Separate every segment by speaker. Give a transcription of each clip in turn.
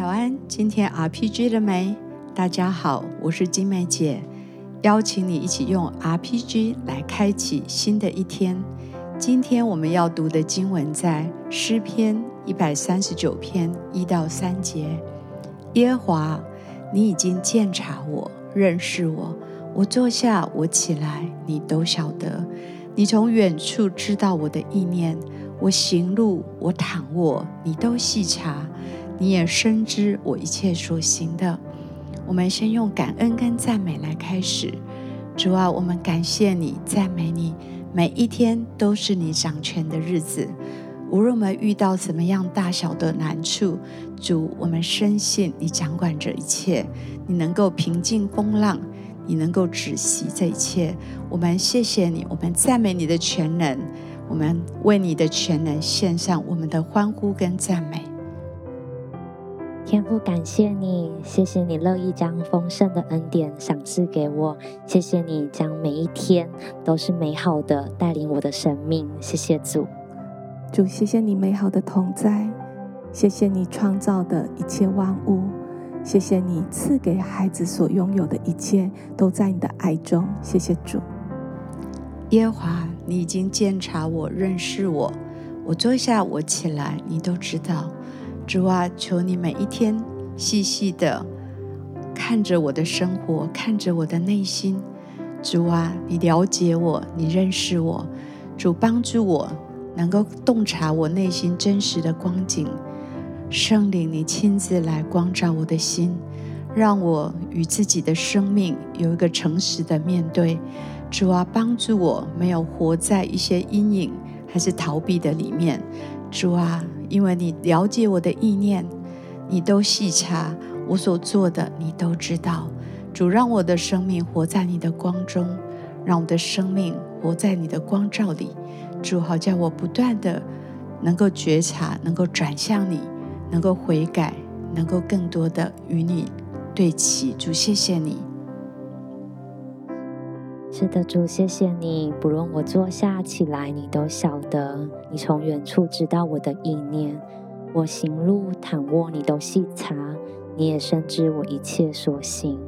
Speaker 1: 早安，今天 RPG 了沒？大家好，我是晶玫姊，邀請你一起用 RPG 來開啟新的一天。今天我們要讀的經文在詩篇一百三十九篇一到三節。耶和華，你已經鑒察我，認識我，我坐下，我起來，你都曉得。你從遠處知道我的意念，我行路，我躺臥，你都細察。你也深知我一切所行的。我們先用感恩跟讚美來開始。主啊，我們感謝你，讚美你。每一天都是你掌權的日子。無論我們遇到什麼樣大小的難處，主，我們深信你掌管這一切，你能夠平靜風浪，你能夠止息這一切。我們謝謝你，我們讚美你的全能，我們為你的全能獻上我們的歡呼跟讚美。
Speaker 2: 天父，感謝你，謝謝你樂意將豐盛的恩典賞賜給我，謝謝你將每一天都是美好的帶領我的生命，謝謝主，主
Speaker 3: 謝謝你美好的同在，謝謝你創造的一切萬物，謝謝你賜給孩子所擁有的一切都在你的愛中，謝謝主。
Speaker 1: 耶和華，你已經鑒察我，認識我，我坐下，我起來，你都知道。主啊，求你每一天細細地看着我的生活，看着我的內心。主啊，你了解我，你認識我。主幫助我，能夠洞察我內心真實的光景。聖靈，你親自來光照我的心，讓我與自己的生命有一個誠實的面對。主啊，幫助我沒有活在一些陰影還是逃避的裡面。主啊，因為你了解我的意念，你都細察，我所做的，你都知道。主讓我的生命活在你的光中，讓我的生命活在你的光照裡。主，好叫我不斷的能夠覺察，能夠轉向你，能夠悔改，能夠更多的與
Speaker 2: 你對齊。主，謝謝你。是的，主，謝謝你，不論我坐下起來，你都曉得，你從遠處知道我的意念，我行路躺臥你都細察，你也深知我一切所行。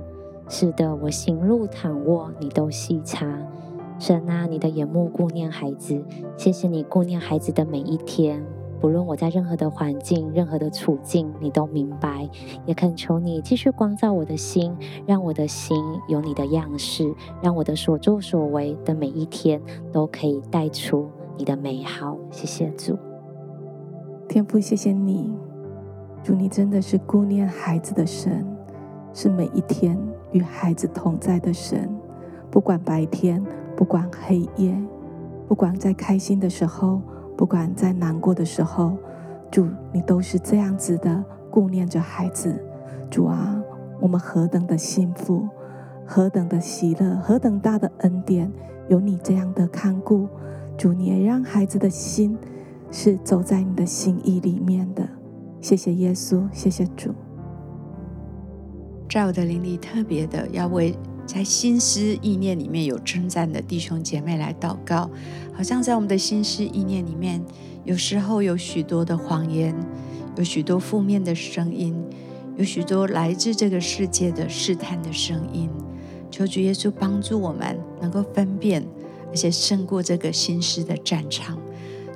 Speaker 2: 是的，我行路躺臥你都細察。神啊，你的眼目顧念孩子，謝謝你顧念孩子的每一天。不論我在任何的環境、任何的處境，你都明白，也懇求你繼續光照我的心，讓我的心有你的樣式，讓我的所作所為的每一天都可以帶出你的美好。謝謝主，
Speaker 3: 天父，謝謝你，主，你真的是顧念孩子的神，是每一天與孩子同在的神，不管白天，不管黑夜，不管在開心的時候。不管在難過的時候，主你都是這樣子的顧念着孩子。主啊，我們何等的幸福，何等的喜樂，何等大的恩典，有你這樣的看顧。主，你也讓孩子的心是走在你的心意裡面的。謝謝耶穌，謝謝主。
Speaker 1: 在我的靈裡特別的要為。在心思意念裡面有征戰的弟兄姐妹來禱告，好像在我們的心思意念裡面，有時候有許多的謊言，有許多負面的聲音，有許多來自這個世界的試探的聲音。求主耶穌幫助我們，能夠分辨，而且勝過這個心思的戰場。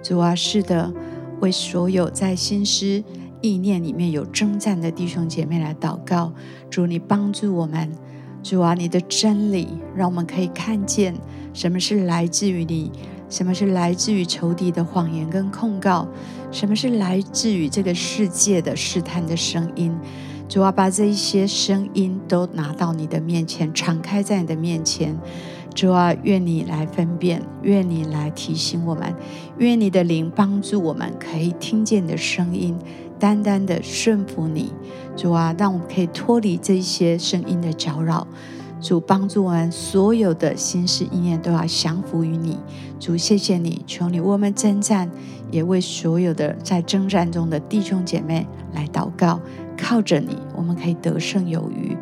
Speaker 1: 主啊，是的，為所有在心思意念裡面有征戰的弟兄姐妹來禱告。主，你幫助我們。主啊，你的真理讓我們可以看見什麼是來自於你，什麼是來自於仇敵的謊言跟控告，什麼是來自於這個世界的試探的聲音。主啊，把這一些聲音都拿到你的面前，敞開在你的面前。主啊，願你來分辨，願你來提醒我們，願你的靈幫助我們可以聽見你的聲音。單單的順服你，主啊，讓我們可以脫離這些聲音的攪擾。主幫助我們，所有的心思意念都要降服於你。主，謝謝你，求你為我們征戰，也為所有的在征戰中的弟兄姐妹來禱告。靠着你，我們可以得勝有餘。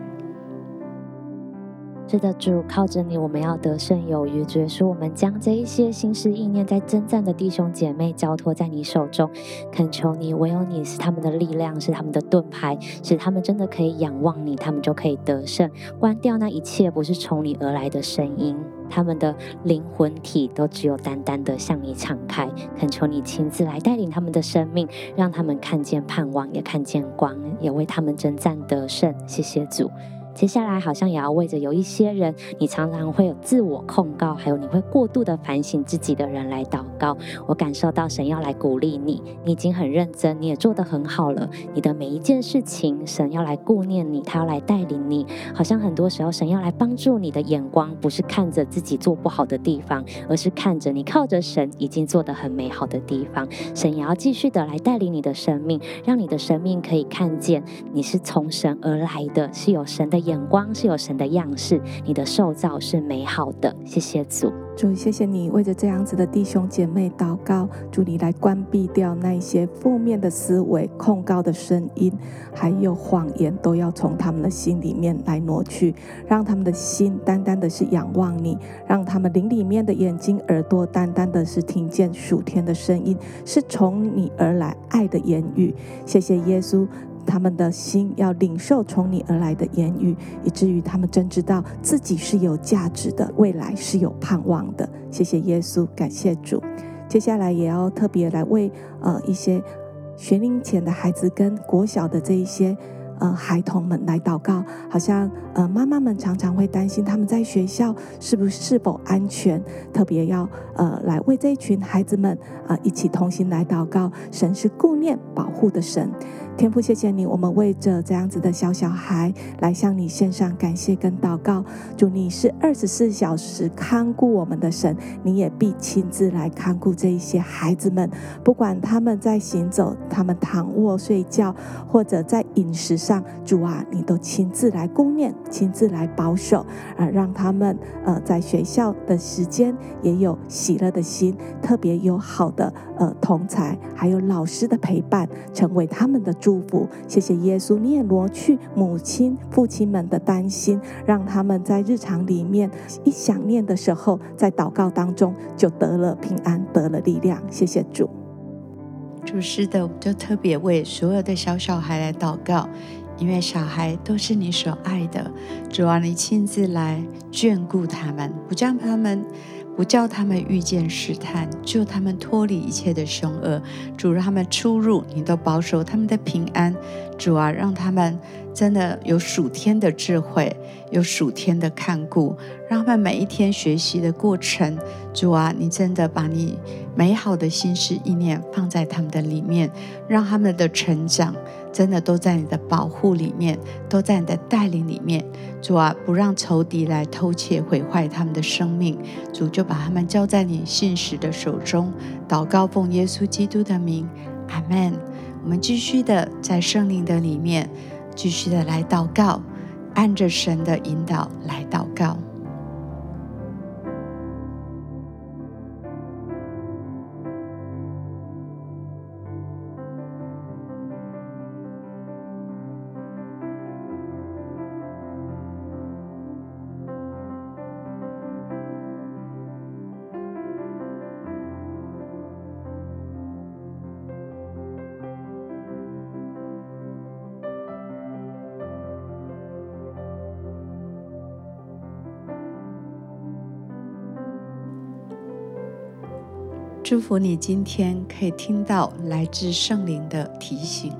Speaker 2: 是的，主，靠着你，我們要得勝有餘。主耶穌，我們將這一些心思意念在征戰的弟兄姐妹交托在你手中，懇求你，唯有你是他們的力量，是他們的盾牌，使他們真的可以仰望你，他們就可以得勝。關掉那一切不是從你而來的聲音，他們的靈魂體都只有單單的向你敞開。懇求你親自來帶領他們的生命，讓他們看見盼望，也看見光，也為他們征戰得勝。謝謝主。接下來好像也要為着有一些人，你常常會有自我控告，還有你會過度的反省自己的人來禱告。我感受到神要來鼓勵你，你已經很認真，你也做得很好了。你的每一件事情，神要來顧念你，他要來帶領你。好像很多時候，神要來幫助你的眼光，不是看着自己做不好的地方，而是看着你靠着神已經做得很美好的地方。神也要繼續的來帶領你的生命，讓你的生命可以看見你是從神而來的，是有神的。眼光是有神的樣式，你的塑造是美好的。謝謝主，
Speaker 3: 主謝謝你為着這樣子的弟兄姐妹禱告，主，你來關閉掉那些負面的思維、控告的聲音，還有謊言，都要從他們的心裡面來挪去，讓他們的心單單的是仰望你，讓他們靈裡面的眼睛、耳朵單單的是聽見屬天的聲音，是從你而來愛的言語。謝謝耶穌。他們的心要領受從你而來的言語，以至於他們真知道自己是有價值的，未來是有盼望的。謝謝耶穌，感謝主。接下來也要特別來為，呃，一些學齡前的孩子跟國小的這一些。呃，孩童們來禱告，好像呃，媽媽們常常會擔心他們在學校是不是，是否安全，特別要呃來為這一群孩子們啊、呃、一起同行來禱告。神是顧念保護的神，天父，謝謝你，我們為着這樣子的小小孩來向你獻上感謝跟禱告。主，你是二十四小時看顧我們的神，你也必親自來看顧這一些孩子們，不管他們在行走，他們躺臥睡覺，或者在飲食上。主啊，你都親自來顧念，親自來保守，而讓他們呃在學校的時間也有喜樂的心，特別有好的呃同儕，還有老師的陪伴，成為他們的祝福。謝謝耶穌，你也挪去母親、父親們的擔心，讓他們在日常裡面一想念的時候，在禱告當中就得了平安，得了力量。謝謝主，
Speaker 1: 主是的，我們就特別為所有的小小孩來禱告。因為小孩都是你所愛的，主啊，你親自來眷顧他們，不叫他們，不叫他們遇見試探，救他們脫離一切的凶惡。主讓他們出入，你都保守他們的平安。主啊，讓他們真的有屬天的智慧，有屬天的看顧，讓他們每一天學習的過程，主啊，你真的把你美好的心思意念放在他們的裡面，讓他們的成長，真的都在你的保護裡面，都在你的帶領裡面。主啊，不讓仇敵來偷竊、毀壞他們的生命。主就把他們交在你信實的手中。禱告，奉耶穌基督的名，阿門。我們繼續的在聖靈的裡面，繼續的來禱告，按着神的引導來禱告。祝福你今天可以聽到來自聖靈的提醒。